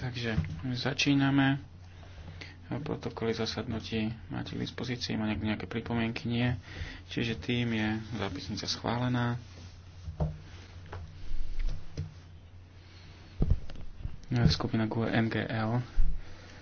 Takže začíname. Protokoly zasadnutí máte k dispozícii, má niekto nejaké pripomienky? Nie. Čiže tým je zápisnica schválená. Skupina GUE NGL